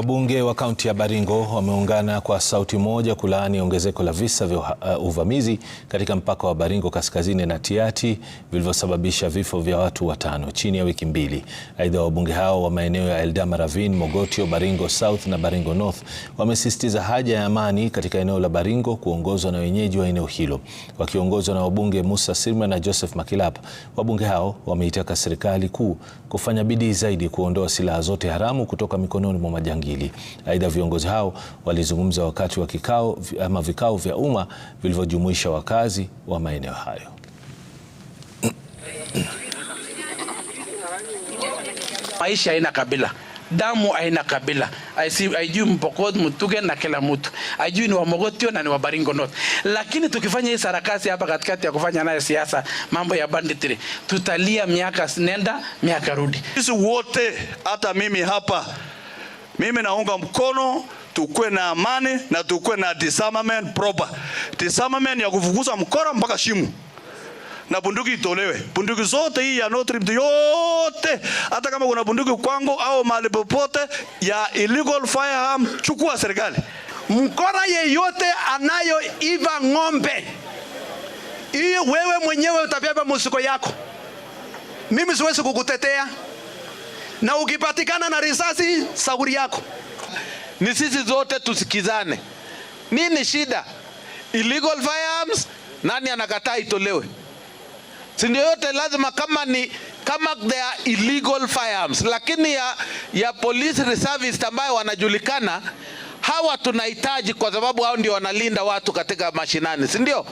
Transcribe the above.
Wabunge wa kaunti ya Baringo wameungana kwa sauti moja kulaani ongezeko la visa vya uh, uvamizi katika mpaka wa Baringo kaskazini na Tiaty vilivyosababisha vifo vya watu watano chini ya wiki mbili. Aidha, wabunge hao wa maeneo ya Eldama Ravine, Mogotio, Baringo South na Baringo North wamesisitiza haja ya amani katika eneo la Baringo kuongozwa na wenyeji wa eneo hilo. Wakiongozwa na wabunge Musa Sirma na Joseph Makilap, wabunge hao wameitaka serikali kuu kufanya bidii zaidi kuondoa silaha zote haramu kutoka mikononi mwa majangili hili. Aidha, viongozi hao walizungumza wakati wa kikao ama vikao vya umma vilivyojumuisha wakazi wa maeneo hayo. Maisha haina kabila, damu haina kabila, haijui Mpokot, Mtuge na kila mtu haijui ni Wamogotio na ni Wabaringo not. Lakini tukifanya hii sarakasi hapa katikati ya kufanya naye siasa, mambo ya banditri, tutalia miaka nenda miaka rudi. Sisi wote hata mimi hapa mimi naunga mkono tukue na amani na tukue na disarmament proper. Disarmament ya kufukuza mkora mpaka shimu Na bunduki itolewe. Bunduki zote hii ya no yote. Hata kama kuna bunduki kwangu au mahali popote ya illegal firearm, chukua serikali. Mkora yeyote anayoiva ng'ombe, hii, wewe mwenyewe utabeba musiko yako. Mimi siwezi kukutetea na ukipatikana na risasi sauri yako. Ni sisi zote tusikizane, nini shida? Illegal firearms, nani anakataa itolewe? Si ndio? Yote lazima kama ni kama they are illegal firearms, lakini ya, ya police reservist ambayo wanajulikana hawa tunahitaji, kwa sababu hao ndio wanalinda watu katika mashinani, si ndio?